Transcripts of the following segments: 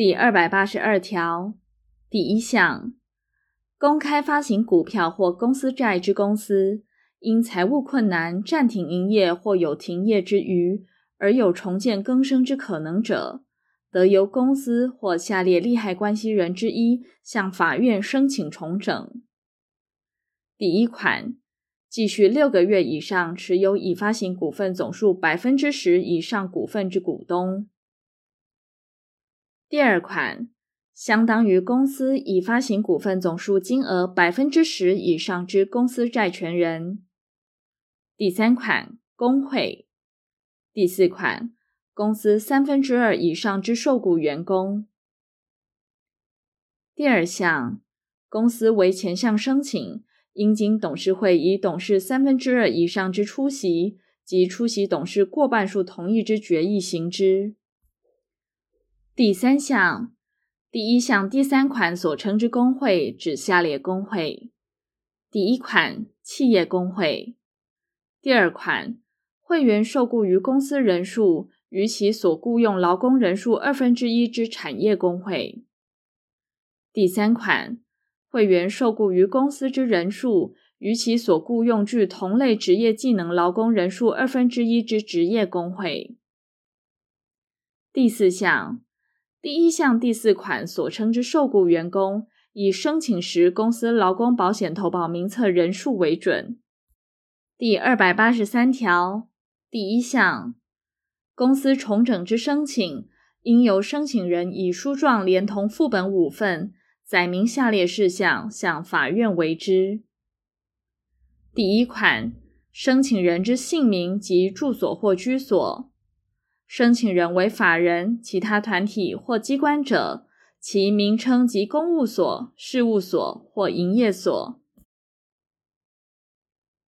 第二百八十二條，第一項，公開發行股票或公司債之公司，因財務困難暫停營業或有停業之虞，而有重建更生之可能者，得由公司或下列利害關係人之一向法院申請重整。第一款，繼續六個月以上持有已發行股份總數百分之十以上股份之股東。第二款，相當於公司已發行股份總數金額百分之十以上之公司債權人；第三款，工會；第四款，公司三分之二以上之受雇員工。第二項，公司為前項申請，應經董事會以董事三分之二以上之出席及出席董事過半數同意之決議行之。第三項，第一項第三款所稱之工會指下列工會：第一款，企業工會；第二款，會員受雇於公司人數與其所雇用勞工人數二分之一之產業工會；第三款，會員受雇於公司之人數與其所雇用具同類職業技能勞工人數二分之一之職業工會。第四項。第一項第四款所稱之受僱員工，以申請時公司勞工保險投保名冊人數為準。第二百八十三條第一項，公司重整之申請，應由申請人以書狀連同副本五份，載明下列事項，向法院為之。第一款，申請人之姓名及住所或居所。申請人為法人、其他團體或機關者，其名稱及公務所、事務所或營業所。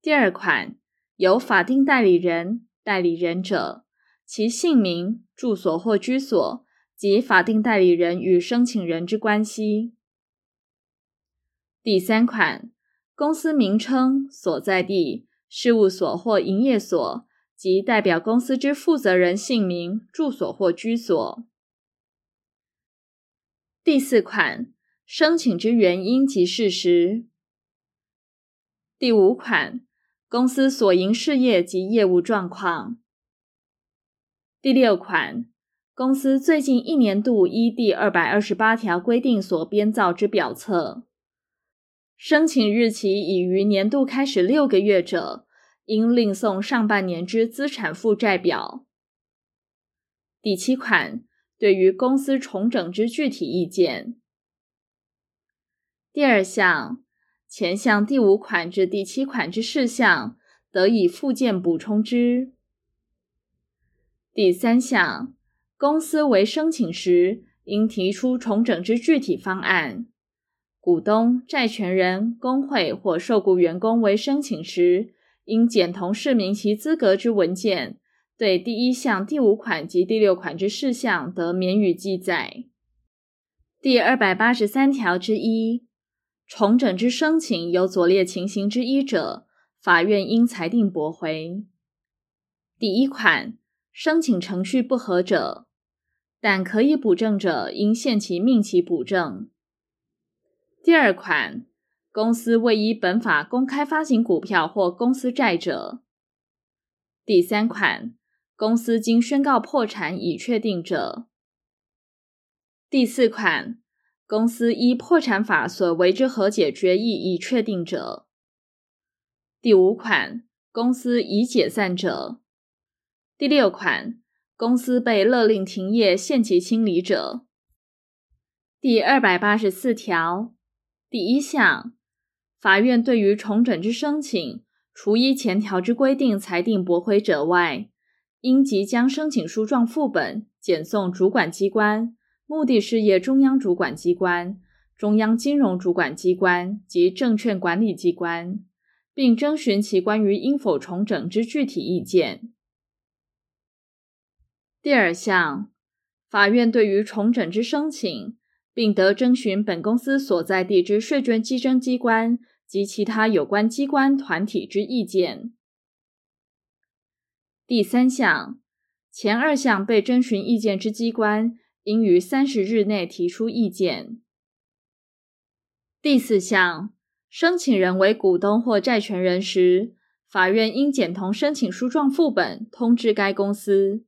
第二款，由法定代理人、代理人者，其姓名、住所或居所及法定代理人與申請人之關係。第三款，公司名稱、所在地、事務所或營業所。即代表公司之負責人姓名、住所或居所。第四款，申請之原因及事實。第五款，公司所營事業及業務狀況。第六款，公司最近一年度依第二百二十八條規定所編造之表冊。申請日期已於年度開始六個月者，應另送上半年之資產負債表。第七款，對於公司重整之具體意見。第二項，前項第五款至第七款之事項，得以附件補充之。第三項，公司為申請時，應提出重整之具體方案。股東、債權人、工會或受僱員工為申請時，應檢同市民其資格之文件，對第一項第五款及第六款之事項得免予記載。第二百八十三條之一，重整之申請有左列情形之一者，法院應裁定駁回。第一款，申請程序不合者，但可以補正者，應限期命其補正。第二款，公司未依本法公開發行股票或公司債者，第三款，公司經宣告破產已確定者，第四款，公司依破產法所為之和解決議已確定者，第五款，公司已解散者，第六款，公司被勒令停業限期清理者。第二百八十四條第一項。法院對於重整之申請，除依前條之規定裁定，裁定駁回者外，應即將申請書狀副本檢送主管機關，目的事業中央主管機關、中央金融主管機關及證券管理機關，並徵詢其關於應否重整之具體意見。第二項，法院對於重整之申請。並得徵詢本公司所在地之稅捐稽徵機關及其他有關機關團體之意見。第三項，前二項被徵詢意見之機關，應於三十日內提出意見。第四項，申請人為股東或債權人時，法院應檢同申請書狀副本通知該公司。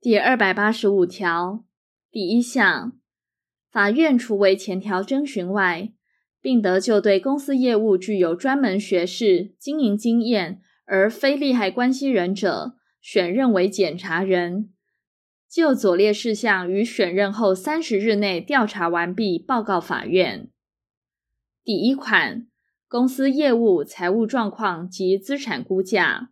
第二百八十五條。第一項，法院除為前條徵詢外，並得就對公司業務具有專門學識、經營經驗而非利害關係人者，選任為檢查人，就左列事項於選任後三十日內調查完畢，報告法院。第一款，公司業務、財務狀況及資產估價。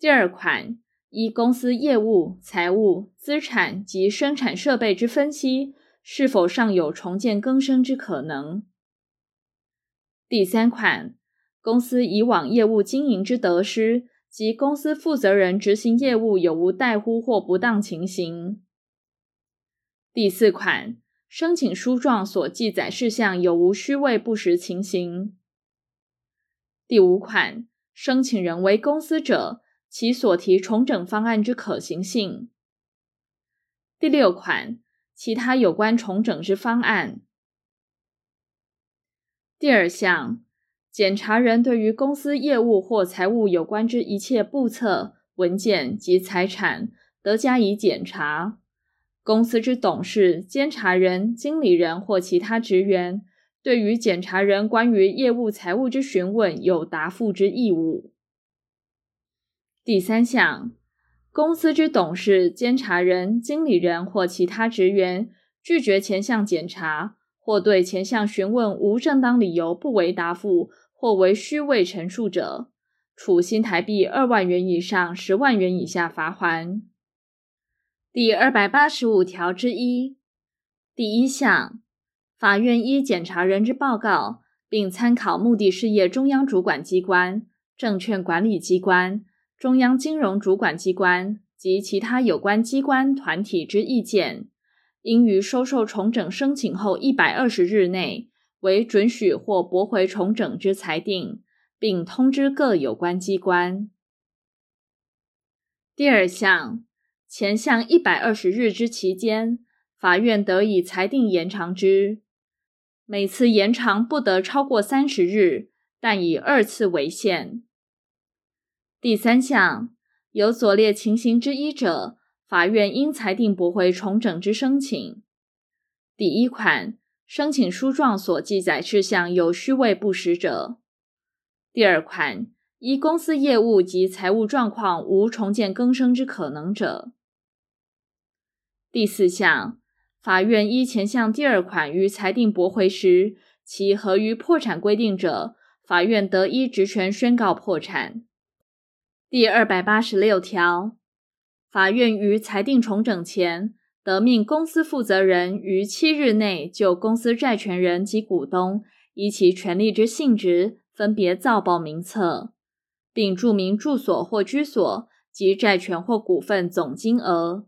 第二款。一、公司業務、財務、資產及生產設備之分析，是否尚有重建更生之可能？第三款，公司以往業務經營之得失，及公司負責人執行業務有無怠忽或不當情形。第四款，申請書狀所記載事項有無虛偽不實情形。第五款，申請人為公司者。其所提重整方案之可行性。第六款，其他有關重整之方案。第二項，檢查人對於公司業務或財務有關之一切簿冊、文件及財產，得加以檢查。公司之董事、監察人、經理人或其他職員，對於檢查人關於業務、財務之詢問，有答復之義務。第三項，公司之董事、監察人、經理人或其他職員拒絕前項檢查，或對前項詢問無正當理由不為答復，或為虛偽陳述者，處新台幣二萬元以上十萬元以下罰鍰。第二百八十五條之一第一項，法院依檢查人之報告，並參考目的事業中央主管機關、證券管理機關。中央金融主管機關及其他有關機關團體之意見，應於收受重整申請後一百二十日內為准許或駁回重整之裁定，並通知各有關機關。第二項，前項一百二十日之期間，法院得以裁定延長之，每次延長不得超過三十日，但以二次為限。第三項，有所列情形之一者，法院應裁定駁回重整之申請。第一款，申請書狀所記載事項有虛偽不實者；第二款，依公司業務及財務狀況無重建更生之可能者；第四項，法院依前項第二款於裁定駁回時，其合於破產規定者，法院得依職權宣告破產。第二百八十六條，法院於裁定重整前，得命公司負責人於七日內就公司債權人及股東以其權利之性質，分別造報名冊，並注明住所或居所及債權或股份總金額。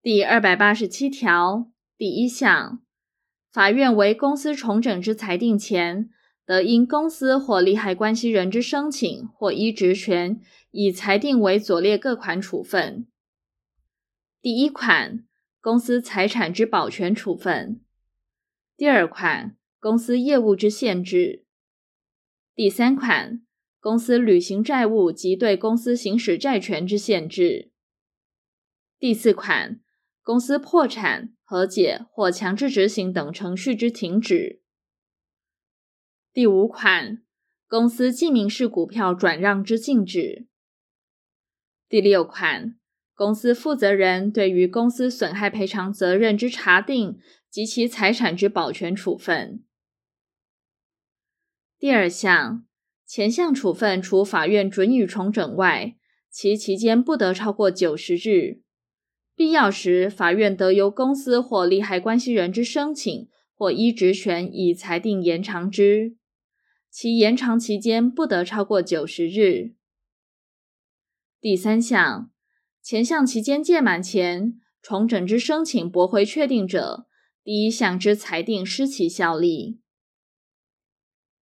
第二百八十七條第一項，法院為公司重整之裁定前。得因公司或利害關係人之申請，或依職權，以裁定為左列各款處分：第一款，公司財產之保全處分；第二款，公司業務之限制；第三款，公司履行債務及對公司行使債權之限制；第四款，公司破產、和解或強制執行等程序之停止。第五款，公司記名式股票轉讓之禁止。第六款，公司負責人對於公司損害賠償責任之查定及其財產之保全處分。第二項，前項處分除法院准予重整外，其期間不得超過九十日，必要時，法院得由公司或利害關係人之申請或依職權以裁定延長之。其延長期間不得超過九十日。第三項，前項期間屆滿前，重整之申請駁回確定者，第一項之裁定失其效力。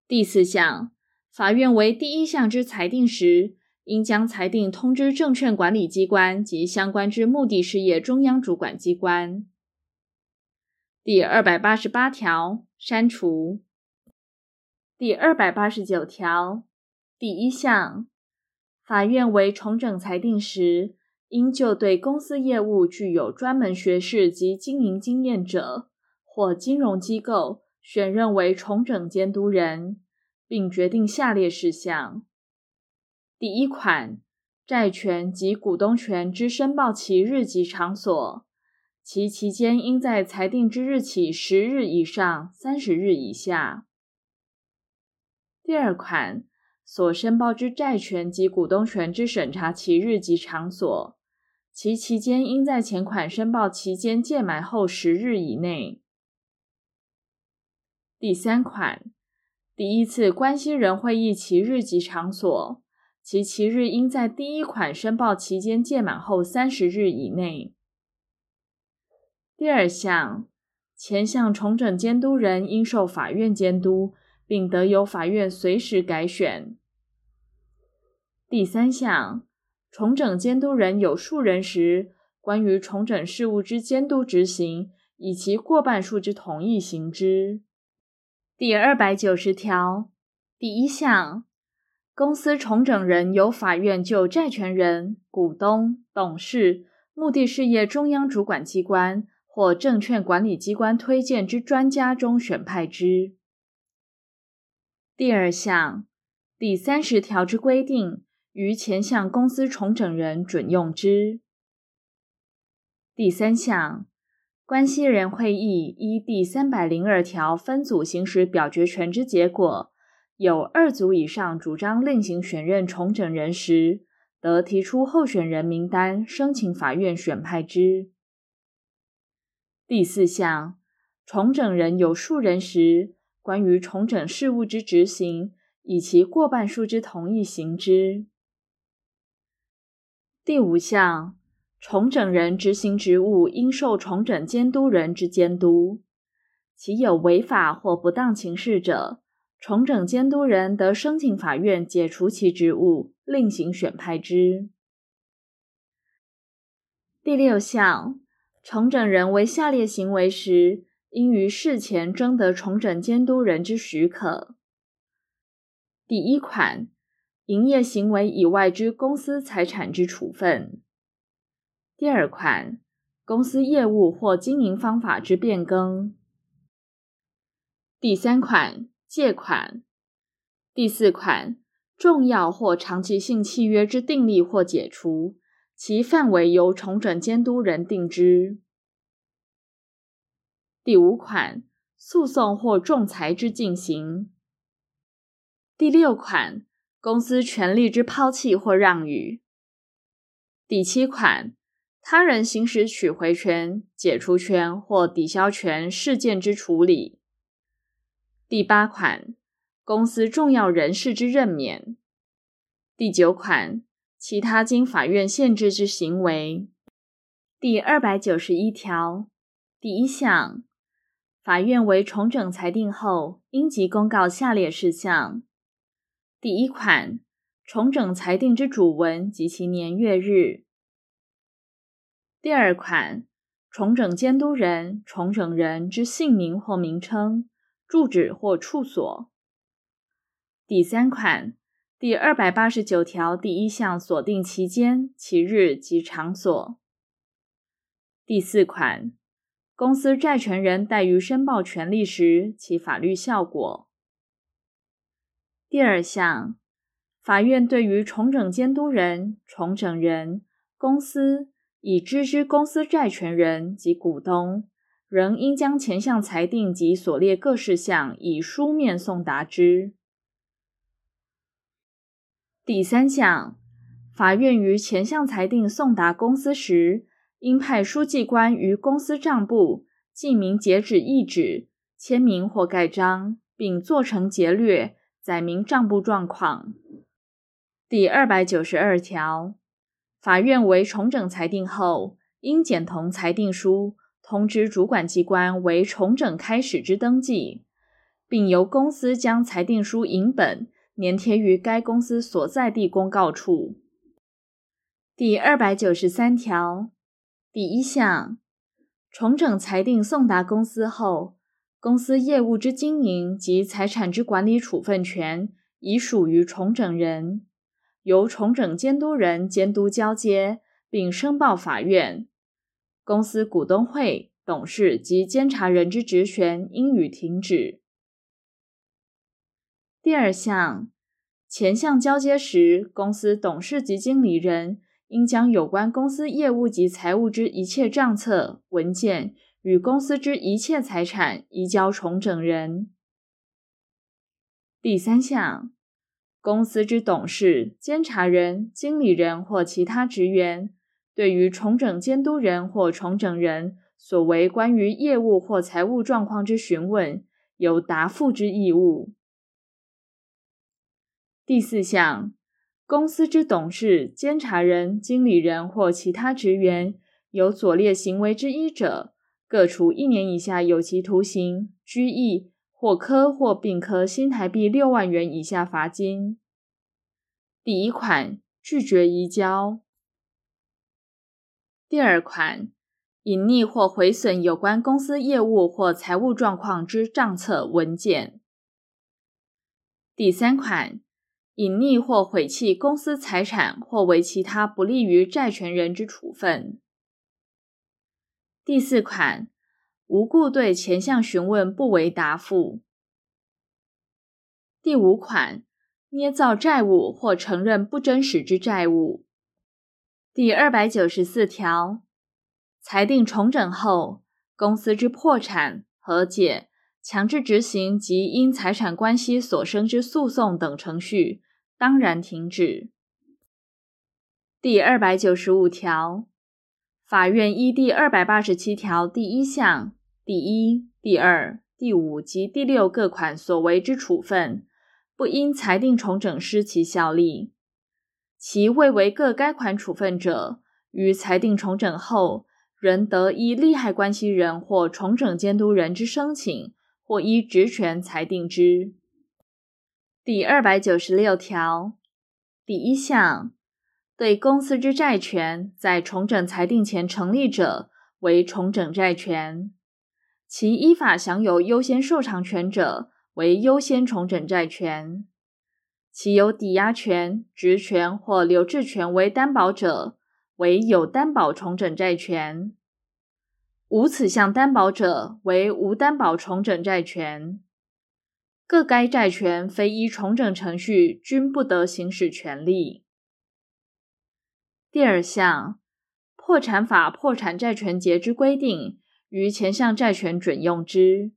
第四項，法院為第一項之裁定時，應將裁定通知證券管理機關及相關之目的事業中央主管機關。第二百八十八條刪除。第二百八十九條，第一項，法院為重整裁定時，應就對公司業務具有專門學識及經營經驗者或金融機構，選任為重整監督人，並決定下列事項：第一款，債權及股東權之申報期日及場所，其期間應在裁定之日起十日以上三十日以下。第二款，所申報之債權及股東權之審查期日及場所，其期間應在前款申報期間屆滿後十日以內。第三款，第一次關係人會議期日及場所，其期日應在第一款申報期間屆滿後三十日以內。第二項，前項重整監督人應受法院監督。並得由法院隨時改選。第三項，重整監督人有數人時，關於重整事務之監督執行，以其過半數之同意行之。第二百九十條第一項，公司重整人由法院就債權人、股東、董事、目的事業中央主管機關或證券管理機關推薦之專家中選派之。第二項，第三十條之規定，於前項公司重整人準用之。第三項，關係人會議依第三百零二條分組行使表決權之結果，有二組以上主張另行選任重整人時，得提出候選人名單，申請法院選派之。第四項，重整人有數人時。關於重整事務之執行，以其過半數之同意行之。第五項，重整人執行職務，應受重整監督人之監督，其有違法或不當情事者，重整監督人得申請法院解除其職務，另行選派之。第六項，重整人為下列行為時，應於事前徵得重整監督人之許可。第一款，營業行為以外之公司財產之處分；第二款，公司業務或經營方法之變更；第三款，借款；第四款，重要或長期性契約之訂立或解除，其範圍由重整監督人定之。第五款，訴訟或仲裁之進行。第六款，公司權利之拋棄或讓與。第七款，他人行使取回權、解除權或抵銷權事件之處理。第八款，公司重要人事之任免。第九款，其他經法院限制之行為。第二百九十一條第一項。法院為重整裁定後，應即公告下列事項：第一款，重整裁定之主文及其年月日；第二款，重整監督人、重整人之姓名或名稱、住址或處所；第三款，第二百八十九條第一項所定期間、期日及場所；第四款。公司債權人怠於申報權利時，其法律效果。第二項，法院對於重整監督人、重整人、公司、已知之公司債權人及股東，仍應將前項裁定及所列各事項以書面送達之。第三項，法院於前項裁定送達公司時，應派書記官於公司賬簿記明截止意旨簽名或蓋章，並做成節略，載明賬簿狀況。第二百九十二條，法院為重整裁定後，應檢同裁定書通知主管機關為重整開始之登記，並由公司將裁定書影本粘貼於該公司所在地公告處。第二百九十三條。第一項，重整裁定送達公司後，公司業務之經營及財產之管理處分權已屬於重整人，由重整監督人監督交接，並申報法院。公司股東會、董事及監察人之職權應予停止。第二項，前項交接時，公司董事及經理人。應將有關公司業務及財務之一切賬冊文件與公司之一切財產移交重整人。第三項，公司之董事、監察人、經理人或其他職員，對於重整監督人或重整人所為關於業務或財務狀況之詢問，有答覆之義務。第四項。公司之董事、監察人、經理人或其他職員有左列行為之一者，各處一年以下有期徒刑、拘役或科或併科新台幣六萬元以下罰金。第一款，拒絕移交；第二款，隱匿或毀損有關公司業務或財務狀況之賬冊文件；第三款。隱匿或毀棄公司財產，或為其他不利於債權人之處分。第四款，無故對前項詢問不為答復。第五款，捏造債務或承認不真實之債務。第二百九十四條，裁定重整後，公司之破產和解、強制執行及因財產關係所生之訴訟等程序當然停止。第二百九十五條，法院依第二百八十七條第一項第一、第二、第五及第六各款所為之處分，不因裁定重整失其效力。其未為各該款處分者，於裁定重整後，仍得依利害關係人或重整監督人之申請，或依職權裁定之。第二百九十六條第一項，對公司之債權在重整裁定前成立者為重整債權，其依法享有優先受償權者為優先重整債權，其有抵押權、質權或留置權為擔保者為有擔保重整債權，無此項擔保者為無擔保重整債權。各該債權非依重整程序，均不得行使權利。第二項，破產法破產債權節之規定，於前項債權準用之，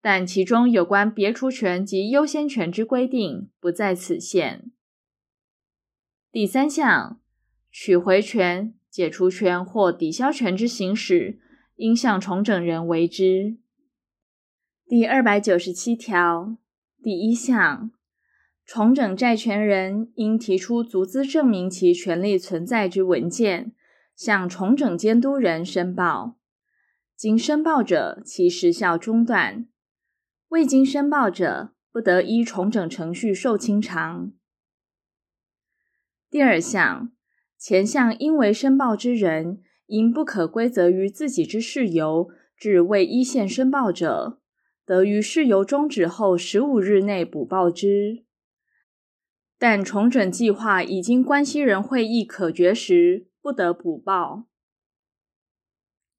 但其中有關別除權及優先權之規定，不在此限。第三項，取回權、解除權或抵消權之行使，應向重整人為之。第二百九十七條第一項，重整債權人應提出足資證明其權利存在之文件，向重整監督人申報。經申報者，其時效中斷；未經申報者，不得依重整程序受清償。第二項，前項應為申報之人，因不可歸責於自己之事由，致未依限申報者。得於事由終止後十五日內補報之，但重整計劃已經關係人會議可決時，不得補報。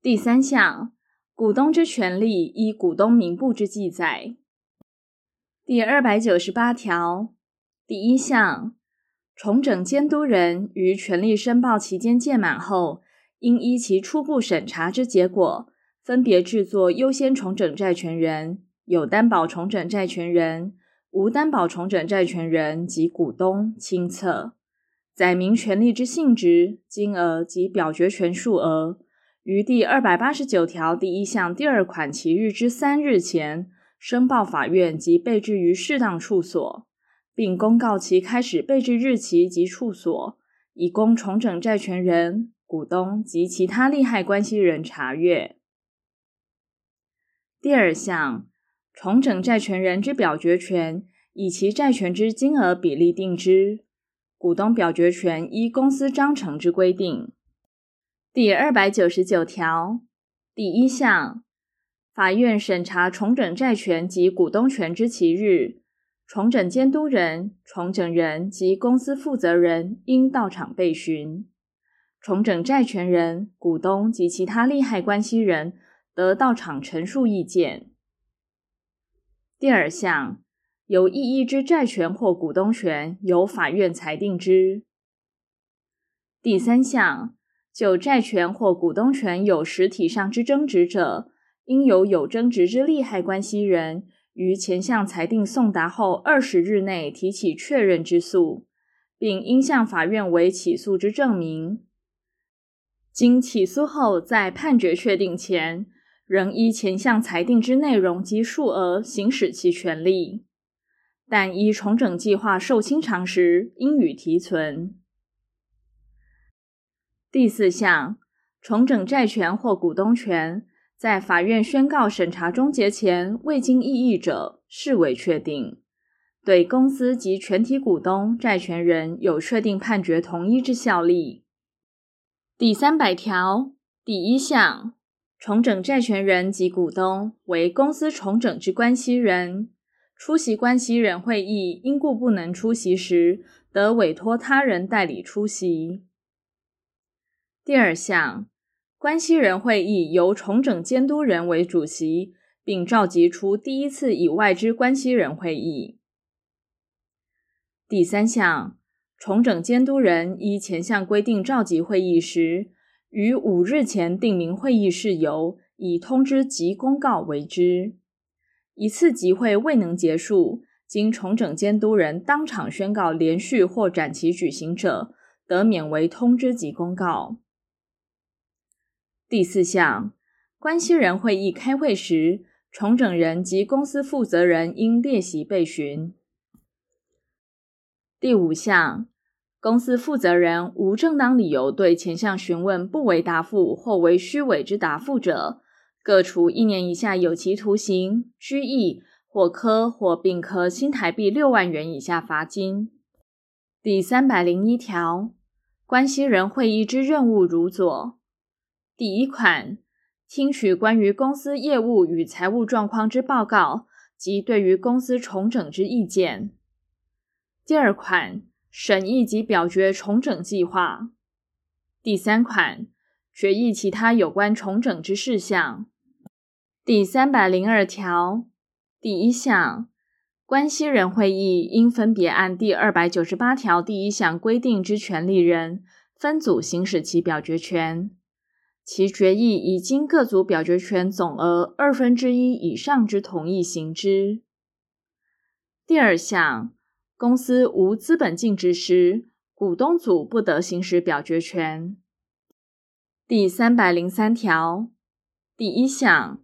第三項，股東之權利依股東名簿之記載。第二百九十八條第一項，重整監督人於權利申報期間屆滿後，應依其初步審查之結果。分別製作優先重整債權人、有擔保重整債權人、無擔保重整債權人及股東清冊，載明權利之性質、金額及表決權數額，於第二百八十九條第一項第二款期日之三日前申報法院及備置於適當處所，並公告其開始備置日期及處所，以供重整債權人、股東及其他利害關係人查閱。第二項，重整債權人之表決權以其債權之金額比例定之；股東表決權依公司章程之規定。第二百九十九條第一項，法院審查重整債權及股東權之期日，重整監督人、重整人及公司負責人應到場備詢；重整債權人、股東及其他利害關係人。得到場陳述意見。第二項，有異議之債權或股東權，由法院裁定之。第三項，就債權或股東權有實體上之爭執者，應由有，有爭執之利害關係人於前項裁定送達後二十日內提起確認之訴，並應向法院為起訴之證明。經起訴後，在判決確定前，仍依前項裁定之內容及數額行使其權利，但依重整計劃受清償時應予提存。第四項，重整債權或股東權，在法院宣告審查終結前未經異議者，視為確定，對公司及全體股東、債權人有確定判決同一之效力。第三百條第一項。重整債權人及股東為公司重整之關係人，出席關係人會議因故不能出席時，得委託他人代理出席。第二項，關係人會議由重整監督人為主席，並召集除第一次以外之關係人會議。第三項，重整監督人依前項規定召集會議時。於五日前訂明會議事由，以通知及公告為之。一次集會未能結束，經重整監督人當場宣告連續或展期舉行者，得免為通知及公告。第四項，關係人會議開會時，重整人及公司負責人應列席備詢。第五項。公司負責人無正當理由對前項詢問不為答復或為虛偽之答復者，各處一年以下有期徒刑、拘役或科或併科新台幣六萬元以下罰金。第三百零一條，關係人會議之任務如左：第一款，聽取關於公司業務與財務狀況之報告及對於公司重整之意見；第二款。審議及表決重整計劃，第三款，決議其他有關重整之事項。第三百零二條第一項，關係人會議應分別按第二百九十八條第一項規定之權利人分組行使其表決權，其決議以經各組表決權總額二分之一以上之同意行之。第二項。公司無資本淨值時，股東組不得行使表決權。第三百零三條第一項，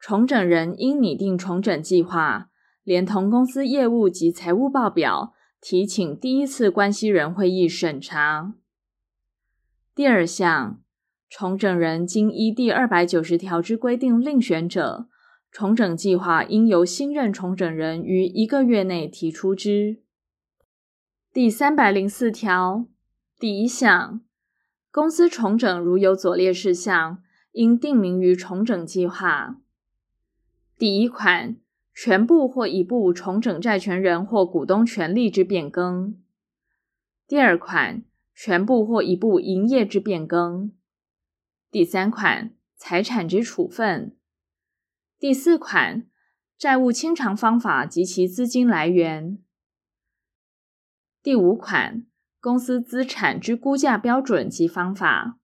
重整人應擬定重整計劃，連同公司業務及財務報表，提請第一次關係人會議審查。第二項，重整人經依第二百九十條之規定另選者，重整計劃應由新任重整人於一個月內提出之。第三百零四條第一項，公司重整如有左列事項，應定名於重整計劃：第一款，全部或一部重整債權人或股東權利之變更；第二款，全部或一部營業之變更；第三款，財產之處分。第四款，債務清償方法及其資金來源。第五款，公司資產之估價標準及方法。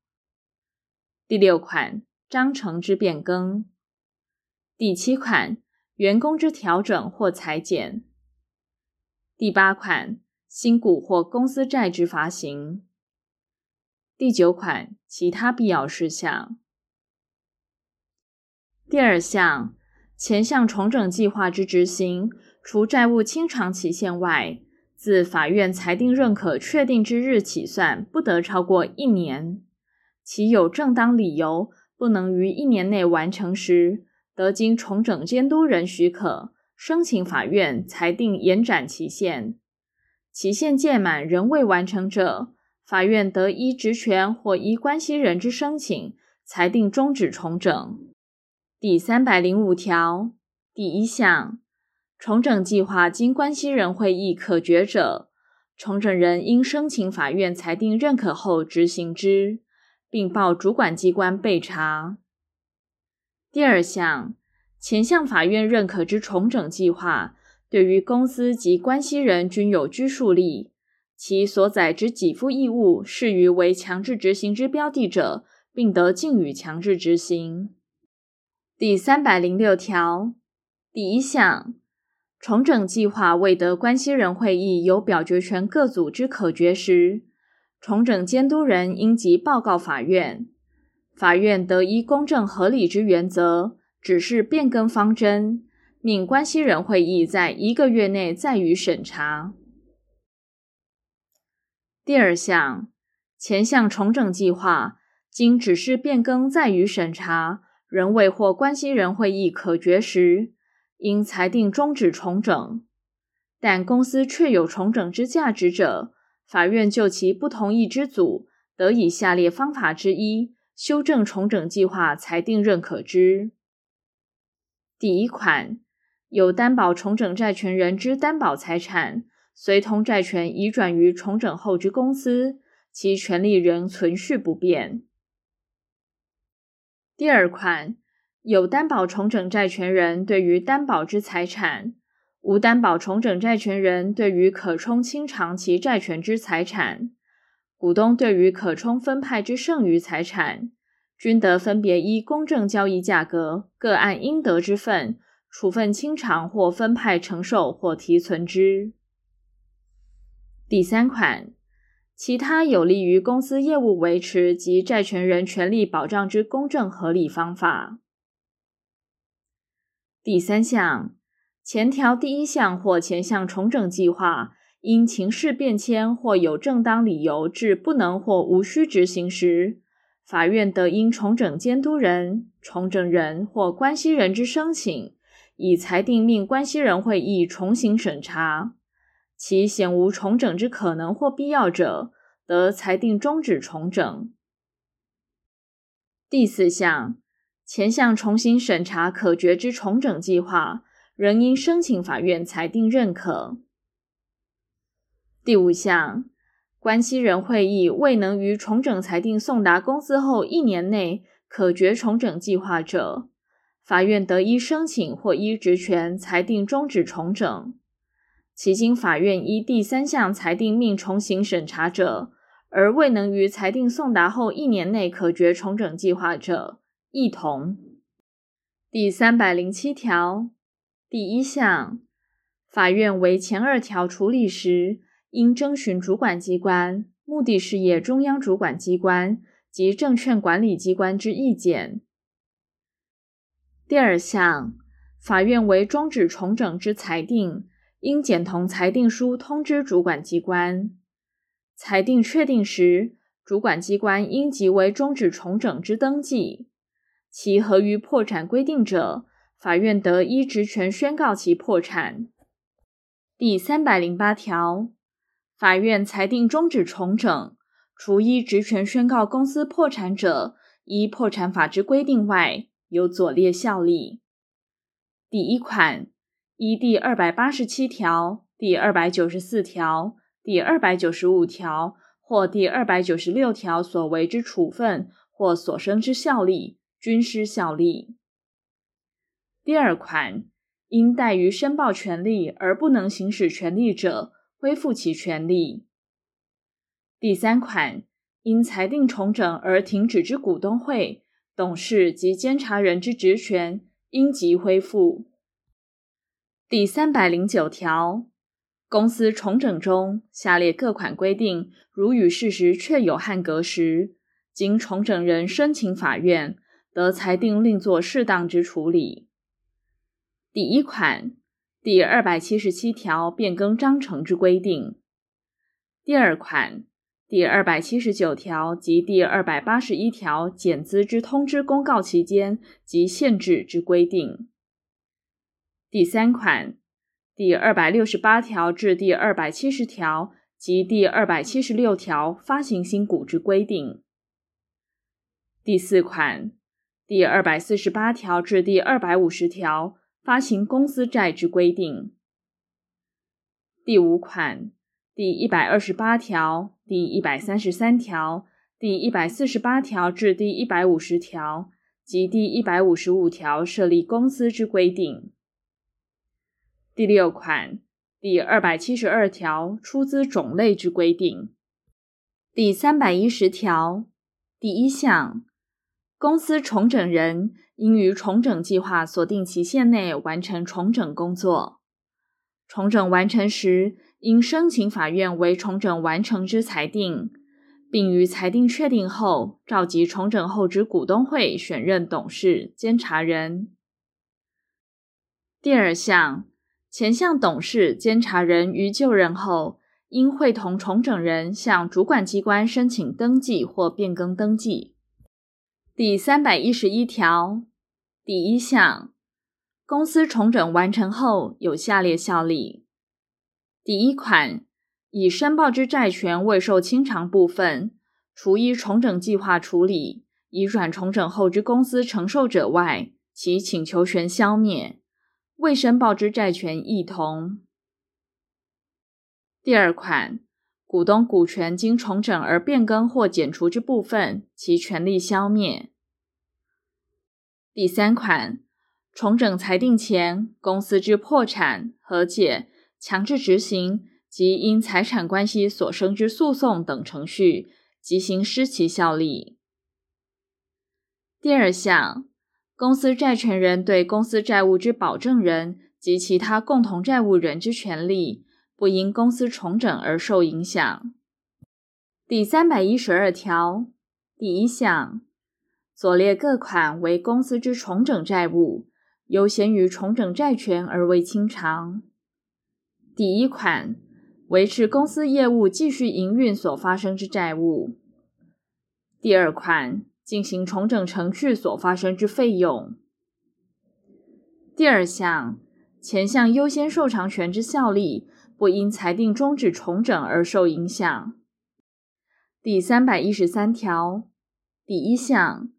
第六款，章程之變更。第七款，員工之調整或裁減。第八款，新股或公司債之發行。第九款，其他必要事項。第二項，前項重整計劃之執行，除債務清償期限外，自法院裁定認可確定之日起算，不得超過一年。其有正當理由不能於一年內完成時，得經重整監督人許可，申請法院裁定延展期限。期限屆滿仍未完成者，法院得依職權或依關係人之申請，裁定終止重整。第三百零五條第一項，重整計劃經關係人會議可決者，重整人應申請法院裁定認可後執行之，並報主管機關備查。第二項，前項法院認可之重整計劃，對於公司及關係人均有拘束力，其所載之給付義務適於為強制執行之標的者，並得逕予強制執行。第三百零六條第一項，重整計劃未得關係人會議有表決權各組之可決時，重整監督人應即報告法院，法院得依公正合理之原則指示變更方針，命關係人會議在一個月內再予審查。第二項，前項重整計劃經指示變更再予審查，仍未獲關係人會議可決時，應裁定終止重整；但公司確有重整之價值者，法院就其不同意之組，得以下列方法之一修正重整計劃，裁定認可之。第一款，有擔保重整債權人之擔保財產，隨同債權移轉於重整後之公司，其權利仍存續不變。第二款，有擔保重整債權人對於擔保之財產，無擔保重整債權人對於可充清償其債權之財產，股東對於可充分派之剩餘財產，均得分別依公正交易價格，各按應得之份，處分清償或分派承受或提存之。第三款。其他有利於公司業務維持及債權人權利保障之公正合理方法。第三項，前條第一項或前項重整計劃，因情勢變遷或有正當理由致不能或無需執行時，法院得因重整監督人、重整人或關係人之申請，以裁定命關係人會議重行審查。其顯無重整之可能或必要者，得裁定終止重整。第四項，前項重新審查可決之重整計劃，仍應申請法院裁定認可。第五項，關係人會議未能於重整裁定送達公司後一年內可決重整計劃者，法院得依申請或依職權裁定終止重整。其經法院依第三項裁定命重行審查者，而未能於裁定送達後一年內可決重整計劃者，亦同。第三百零七條第一項，法院為前二條處理時，應徵詢主管機關、目的事業中央主管機關及證券管理機關之意見。第二項，法院為終止重整之裁定。應檢同裁定書通知主管機關，裁定確定時，主管機關應即為終止重整之登記。其合於破產規定者，法院得依職權宣告其破產。第三百零八條，法院裁定終止重整，除依職權宣告公司破產者，依破產法之規定外，有左列效力。第一款，依第二百八十七條、第二百九十四條、第二百九十五條或第二百九十六條所為之處分或所生之效力，均失效力。第二款，因怠於申報權利而不能行使權利者，恢復其權利。第三款，因裁定重整而停止之股東會、董事及監察人之職權，應即恢復。第三百零九條，公司重整中下列各款規定，如與事實確有扞格時，經重整人申請法院，得裁定另作適當之處理。第一款，第二百七十七條變更章程之規定。第二款，第二百七十九條及第二百八十一條減資之通知公告期間及限制之規定。第三款，第二百六十八條至第二百七十條及第二百七十六條發行新股之規定。第四款，第二百四十八條至第二百五十條發行公司債之規定。第五款，第一百二十八條、第一百三十三條、第一百四十八條至第一百五十條及第一百五十五條設立公司之規定。第六款，第二百七十二條出資種類之規定。第三百一十條第一項，公司重整人應於重整計劃所定期限內完成重整工作。重整完成時，應申請法院為重整完成之裁定，並於裁定確定後召集重整後之股東會，選任董事、監察人。第二項。前項董事、監察人於就任後，應會同重整人向主管機關申請登記或變更登記。第三百一十一條第一項，公司重整完成後有下列效力：第一款，已申報之債權未受清償部分，除依重整計劃處理，移轉重整後之公司承受者外，其請求權消滅。未申報之債權亦同。第二款，股東股權經重整而變更或減除之部分，其權利消滅。第三款，重整裁定前，公司之破產、和解、強制執行及因財產關係所生之訴訟等程序，即行失其效力。第二項。公司債權人對公司債務之保證人及其他共同債務人之權利，不因公司重整而受影響。第三百一十二條第一項所列各款為公司之重整債務，優先於重整債權而未清償。第一款，維持公司業務繼續營運所發生之債務。第二款。進行重整程序所發生之費用。第二項，前項優先受償權之效力，不因裁定終止重整而受影響。第三百一十三條第一項，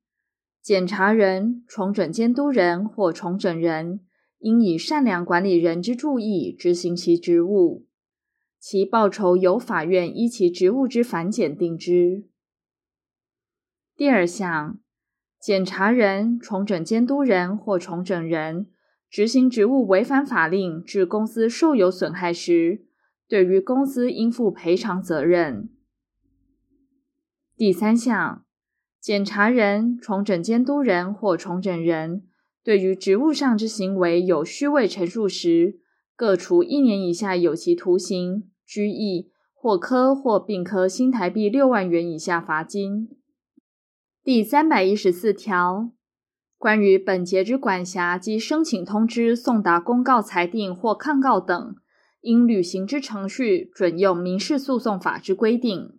檢查人、重整監督人或重整人，應以善良管理人之注意執行其職務，其報酬由法院依其職務之繁簡定之。第二項，檢查人、重整監督人或重整人執行職務違反法令，致公司受有損害時，對於公司應負賠償責任。第三項，檢查人、重整監督人或重整人對於職務上之行為有虛偽陳述時，各處一年以下有期徒刑、拘役或科或併科新台幣六萬元以下罰金。第三百一十四條，關於本節之管轄及申請通知送達公告、裁定或抗告等，應履行之程序，準用民事訴訟法之規定。